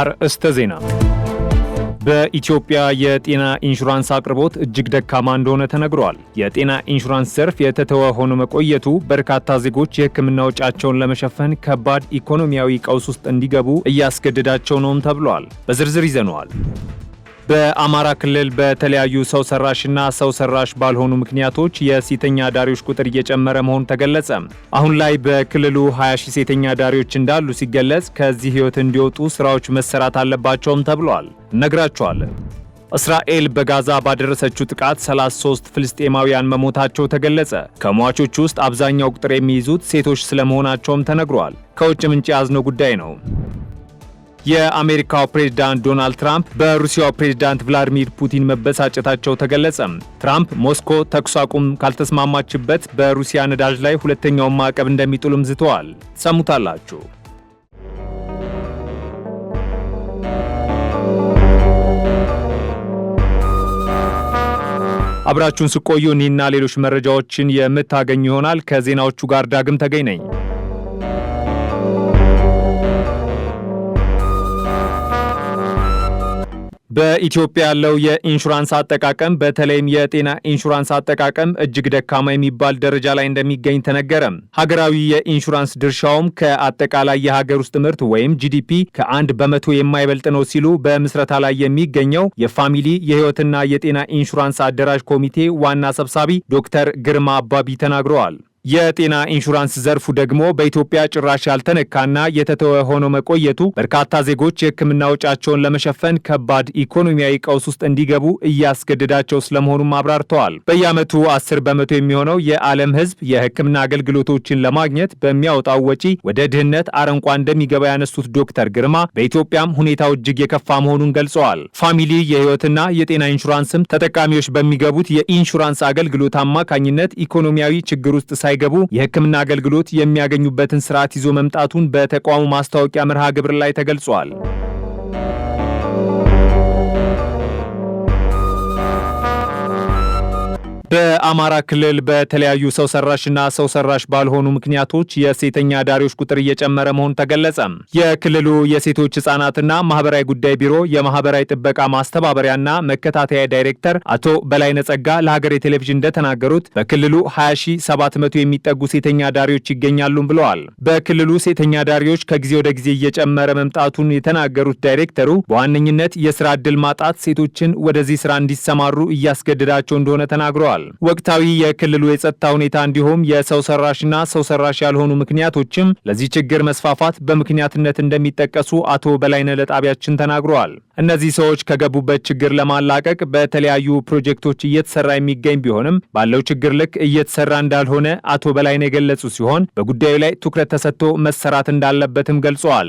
አርእስተ ዜና በኢትዮጵያ የጤና ኢንሹራንስ አቅርቦት እጅግ ደካማ እንደሆነ ተነግሯል። የጤና ኢንሹራንስ ዘርፍ የተተወ ሆኖ መቆየቱ በርካታ ዜጎች የሕክምና ወጫቸውን ለመሸፈን ከባድ ኢኮኖሚያዊ ቀውስ ውስጥ እንዲገቡ እያስገደዳቸው ነውም ተብሏል። በዝርዝር ይዘነዋል። በአማራ ክልል በተለያዩ ሰው ሰራሽና ሰው ሰራሽ ባልሆኑ ምክንያቶች የሴተኛ አዳሪዎች ቁጥር እየጨመረ መሆኑ ተገለጸ። አሁን ላይ በክልሉ 20 ሺህ ሴተኛ አዳሪዎች እንዳሉ ሲገለጽ ከዚህ ህይወት እንዲወጡ ስራዎች መሰራት አለባቸውም ተብሏል። እነግራችኋለን። እስራኤል በጋዛ ባደረሰችው ጥቃት 33 ፍልስጤማውያን መሞታቸው ተገለጸ። ከሟቾች ውስጥ አብዛኛው ቁጥር የሚይዙት ሴቶች ስለመሆናቸውም ተነግሯል። ከውጭ ምንጭ የያዝነው ጉዳይ ነው። የአሜሪካው ፕሬዝዳንት ዶናልድ ትራምፕ በሩሲያው ፕሬዝዳንት ቭላዲሚር ፑቲን መበሳጨታቸው ተገለጸ። ትራምፕ ሞስኮ ተኩስ አቁም ካልተስማማችበት በሩሲያ ነዳጅ ላይ ሁለተኛውን ማዕቀብ እንደሚጥሉም ዝተዋል። ሰሙታላችሁ። አብራችሁን ስቆዩ እኒህና ሌሎች መረጃዎችን የምታገኙ ይሆናል። ከዜናዎቹ ጋር ዳግም ተገኝ ነኝ። በኢትዮጵያ ያለው የኢንሹራንስ አጠቃቀም በተለይም የጤና ኢንሹራንስ አጠቃቀም እጅግ ደካማ የሚባል ደረጃ ላይ እንደሚገኝ ተነገረ። ሀገራዊ የኢንሹራንስ ድርሻውም ከአጠቃላይ የሀገር ውስጥ ምርት ወይም ጂዲፒ ከአንድ በመቶ የማይበልጥ ነው ሲሉ በምስረታ ላይ የሚገኘው የፋሚሊ የሕይወትና የጤና ኢንሹራንስ አደራጅ ኮሚቴ ዋና ሰብሳቢ ዶክተር ግርማ አባቢ ተናግረዋል። የጤና ኢንሹራንስ ዘርፉ ደግሞ በኢትዮጵያ ጭራሽ ያልተነካና የተተወ ሆኖ መቆየቱ በርካታ ዜጎች የሕክምና ወጫቸውን ለመሸፈን ከባድ ኢኮኖሚያዊ ቀውስ ውስጥ እንዲገቡ እያስገደዳቸው ስለመሆኑም አብራርተዋል። በየዓመቱ አስር በመቶ የሚሆነው የዓለም ሕዝብ የሕክምና አገልግሎቶችን ለማግኘት በሚያወጣው ወጪ ወደ ድህነት አረንቋ እንደሚገባ ያነሱት ዶክተር ግርማ በኢትዮጵያም ሁኔታው እጅግ የከፋ መሆኑን ገልጸዋል። ፋሚሊ የሕይወትና የጤና ኢንሹራንስም ተጠቃሚዎች በሚገቡት የኢንሹራንስ አገልግሎት አማካኝነት ኢኮኖሚያዊ ችግር ውስጥ ሳይገቡ የሕክምና አገልግሎት የሚያገኙበትን ስርዓት ይዞ መምጣቱን በተቋሙ ማስታወቂያ መርሃ ግብር ላይ ተገልጿል። በአማራ ክልል በተለያዩ ሰው ሰራሽና ሰው ሰራሽ ባልሆኑ ምክንያቶች የሴተኛ አዳሪዎች ቁጥር እየጨመረ መሆኑ ተገለጸ። የክልሉ የሴቶች ህጻናትና ማህበራዊ ጉዳይ ቢሮ የማህበራዊ ጥበቃ ማስተባበሪያና መከታተያ ዳይሬክተር አቶ በላይነ ጸጋ ለሀገሬ ቴሌቪዥን እንደተናገሩት በክልሉ 20700 የሚጠጉ ሴተኛ አዳሪዎች ይገኛሉ ብለዋል። በክልሉ ሴተኛ አዳሪዎች ከጊዜ ወደ ጊዜ እየጨመረ መምጣቱን የተናገሩት ዳይሬክተሩ በዋነኝነት የስራ እድል ማጣት ሴቶችን ወደዚህ ስራ እንዲሰማሩ እያስገደዳቸው እንደሆነ ተናግረዋል። ተገልጿል። ወቅታዊ የክልሉ የጸጥታ ሁኔታ እንዲሁም የሰው ሰራሽና ሰው ሰራሽ ያልሆኑ ምክንያቶችም ለዚህ ችግር መስፋፋት በምክንያትነት እንደሚጠቀሱ አቶ በላይነ ለጣቢያችን ተናግረዋል። እነዚህ ሰዎች ከገቡበት ችግር ለማላቀቅ በተለያዩ ፕሮጀክቶች እየተሰራ የሚገኝ ቢሆንም ባለው ችግር ልክ እየተሰራ እንዳልሆነ አቶ በላይነ የገለጹ ሲሆን በጉዳዩ ላይ ትኩረት ተሰጥቶ መሰራት እንዳለበትም ገልጸዋል።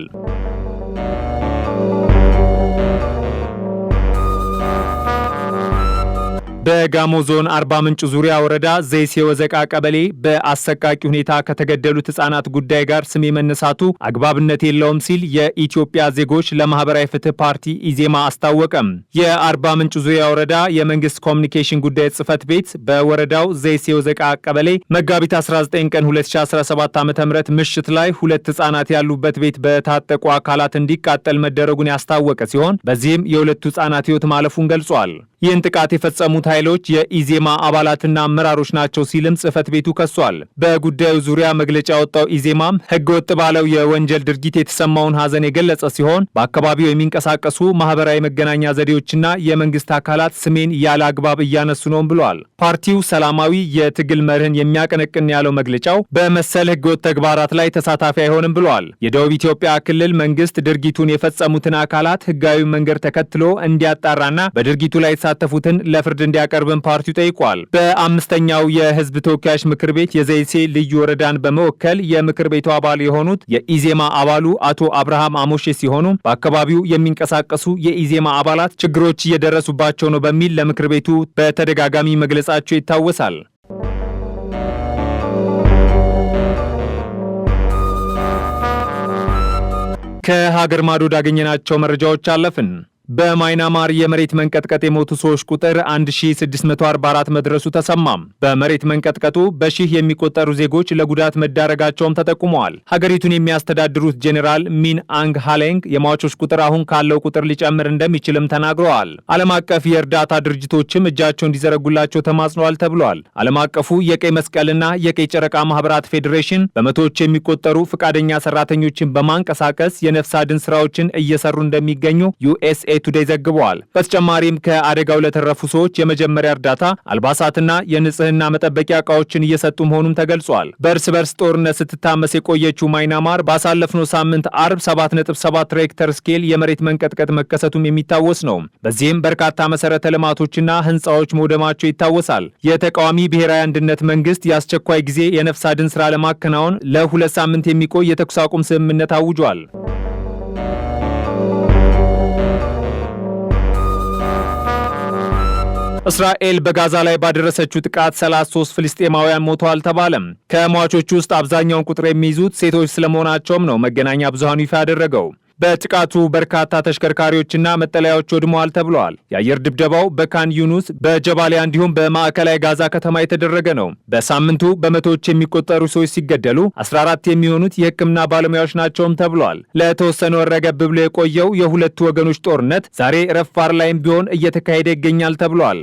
በጋሞ ዞን አርባ ምንጭ ዙሪያ ወረዳ ዘይሴ ወዘቃ ቀበሌ በአሰቃቂ ሁኔታ ከተገደሉት ህጻናት ጉዳይ ጋር ስሜ መነሳቱ አግባብነት የለውም ሲል የኢትዮጵያ ዜጎች ለማህበራዊ ፍትህ ፓርቲ ኢዜማ አስታወቀም። የአርባ ምንጭ ዙሪያ ወረዳ የመንግስት ኮሚኒኬሽን ጉዳይ ጽህፈት ቤት በወረዳው ዘይሴ ወዘቃ ቀበሌ መጋቢት 19 ቀን 2017 ዓ ም ምሽት ላይ ሁለት ህጻናት ያሉበት ቤት በታጠቁ አካላት እንዲቃጠል መደረጉን ያስታወቀ ሲሆን በዚህም የሁለቱ ህጻናት ህይወት ማለፉን ገልጿል። ይህን ጥቃት የፈጸሙት ኃይሎች የኢዜማ አባላትና አመራሮች ናቸው ሲልም ጽህፈት ቤቱ ከሷል። በጉዳዩ ዙሪያ መግለጫ ያወጣው ኢዜማም ወጥ ባለው የወንጀል ድርጊት የተሰማውን ሀዘን የገለጸ ሲሆን በአካባቢው የሚንቀሳቀሱ ማህበራዊ መገናኛ ዘዴዎችና የመንግስት አካላት ስሜን ያለ አግባብ እያነሱ ነውም ብሏል። ፓርቲው ሰላማዊ የትግል መርህን የሚያቀነቅን ያለው መግለጫው በመሰል ህገወጥ ተግባራት ላይ ተሳታፊ አይሆንም ብሏል። የደቡብ ኢትዮጵያ ክልል መንግስት ድርጊቱን የፈጸሙትን አካላት ህጋዊ መንገድ ተከትሎ እንዲያጣራና በድርጊቱ ላይ የተሳተፉትን ለፍርድ እንዲያ እንዲያቀርብን ፓርቲው ጠይቋል። በአምስተኛው የህዝብ ተወካዮች ምክር ቤት የዘይሴ ልዩ ወረዳን በመወከል የምክር ቤቱ አባል የሆኑት የኢዜማ አባሉ አቶ አብርሃም አሞሼ ሲሆኑ በአካባቢው የሚንቀሳቀሱ የኢዜማ አባላት ችግሮች እየደረሱባቸው ነው በሚል ለምክር ቤቱ በተደጋጋሚ መግለጻቸው ይታወሳል። ከሀገር ማዶ ያገኘናቸው መረጃዎች አለፍን። በማይናማር የመሬት መንቀጥቀጥ የሞቱ ሰዎች ቁጥር 1644 መድረሱ ተሰማ። በመሬት መንቀጥቀጡ በሺህ የሚቆጠሩ ዜጎች ለጉዳት መዳረጋቸውም ተጠቁመዋል። ሀገሪቱን የሚያስተዳድሩት ጄኔራል ሚን አንግ ሃሌንግ የሟቾች ቁጥር አሁን ካለው ቁጥር ሊጨምር እንደሚችልም ተናግረዋል። ዓለም አቀፍ የእርዳታ ድርጅቶችም እጃቸው እንዲዘረጉላቸው ተማጽነዋል ተብሏል። ዓለም አቀፉ የቀይ መስቀልና የቀይ ጨረቃ ማህበራት ፌዴሬሽን በመቶዎች የሚቆጠሩ ፈቃደኛ ሰራተኞችን በማንቀሳቀስ የነፍስ አድን ስራዎችን እየሰሩ እንደሚገኙ ዩኤስኤ ቱዴይ ዘግበዋል። በተጨማሪም ከአደጋው ለተረፉ ሰዎች የመጀመሪያ እርዳታ አልባሳትና የንጽህና መጠበቂያ እቃዎችን እየሰጡ መሆኑም ተገልጿል። በእርስ በርስ ጦርነት ስትታመስ የቆየችው ማይናማር ባሳለፍነው ሳምንት አርብ 7.7 ሬክተር ስኬል የመሬት መንቀጥቀጥ መከሰቱም የሚታወስ ነው። በዚህም በርካታ መሰረተ ልማቶችና ህንፃዎች መውደማቸው ይታወሳል። የተቃዋሚ ብሔራዊ አንድነት መንግስት የአስቸኳይ ጊዜ የነፍስ አድን ስራ ለማከናወን ለሁለት ሳምንት የሚቆይ የተኩስ አቁም ስምምነት አውጇል። እስራኤል በጋዛ ላይ ባደረሰችው ጥቃት 33 ፍልስጤማውያን ሞተዋል ተባለ። ከሟቾቹ ውስጥ አብዛኛውን ቁጥር የሚይዙት ሴቶች ስለመሆናቸውም ነው መገናኛ ብዙሃኑ ይፋ ያደረገው። በጥቃቱ በርካታ ተሽከርካሪዎችና መጠለያዎች ወድመዋል ተብለዋል። የአየር ድብደባው በካን ዩኑስ፣ በጀባሊያ እንዲሁም በማዕከላዊ ጋዛ ከተማ የተደረገ ነው። በሳምንቱ በመቶዎች የሚቆጠሩ ሰዎች ሲገደሉ 14 የሚሆኑት የሕክምና ባለሙያዎች ናቸውም ተብሏል። ለተወሰነ ረገብ ብሎ የቆየው የሁለቱ ወገኖች ጦርነት ዛሬ ረፋር ላይም ቢሆን እየተካሄደ ይገኛል ተብሏል።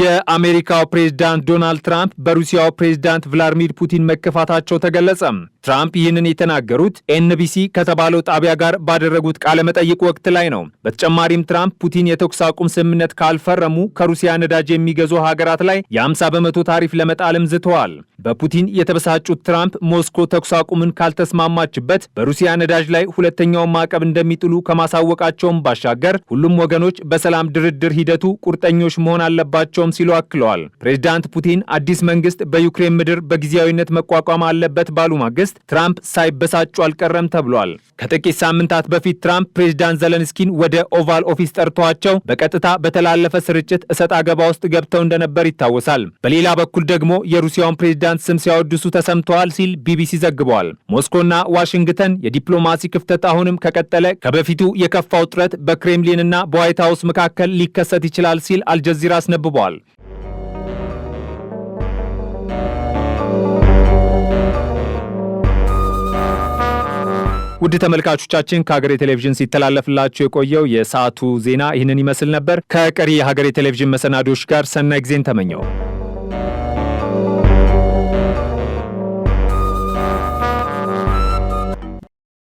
የአሜሪካው ፕሬዝዳንት ዶናልድ ትራምፕ በሩሲያው ፕሬዝዳንት ቭላድሚር ፑቲን መከፋታቸው ተገለጸ። ትራምፕ ይህንን የተናገሩት ኤንቢሲ ከተባለው ጣቢያ ጋር ባደረጉት ቃለ መጠይቅ ወቅት ላይ ነው። በተጨማሪም ትራምፕ ፑቲን የተኩስ አቁም ስምምነት ካልፈረሙ ከሩሲያ ነዳጅ የሚገዙ ሀገራት ላይ የ50 በመቶ ታሪፍ ለመጣልም ዝተዋል። በፑቲን የተበሳጩት ትራምፕ ሞስኮ ተኩስ አቁምን ካልተስማማችበት በሩሲያ ነዳጅ ላይ ሁለተኛውን ማዕቀብ እንደሚጥሉ ከማሳወቃቸውም ባሻገር ሁሉም ወገኖች በሰላም ድርድር ሂደቱ ቁርጠኞች መሆን አለባቸውም ነው ሲሉ አክለዋል። ፕሬዚዳንት ፑቲን አዲስ መንግስት በዩክሬን ምድር በጊዜያዊነት መቋቋም አለበት ባሉ ማግስት ትራምፕ ሳይበሳጩ አልቀረም ተብሏል። ከጥቂት ሳምንታት በፊት ትራምፕ ፕሬዚዳንት ዘለንስኪን ወደ ኦቫል ኦፊስ ጠርተዋቸው በቀጥታ በተላለፈ ስርጭት እሰጥ አገባ ውስጥ ገብተው እንደነበር ይታወሳል። በሌላ በኩል ደግሞ የሩሲያውን ፕሬዚዳንት ስም ሲያወድሱ ተሰምተዋል ሲል ቢቢሲ ዘግበዋል። ሞስኮና ዋሽንግተን የዲፕሎማሲ ክፍተት አሁንም ከቀጠለ ከበፊቱ የከፋ ውጥረት በክሬምሊንና በዋይት ሀውስ መካከል ሊከሰት ይችላል ሲል አልጀዚራ አስነብቧል። ውድ ተመልካቾቻችን ከሀገሬ ቴሌቪዥን ሲተላለፍላችሁ የቆየው የሰዓቱ ዜና ይህንን ይመስል ነበር። ከቀሪ የሀገሬ ቴሌቪዥን መሰናዶዎች ጋር ሰናይ ጊዜን ተመኘው።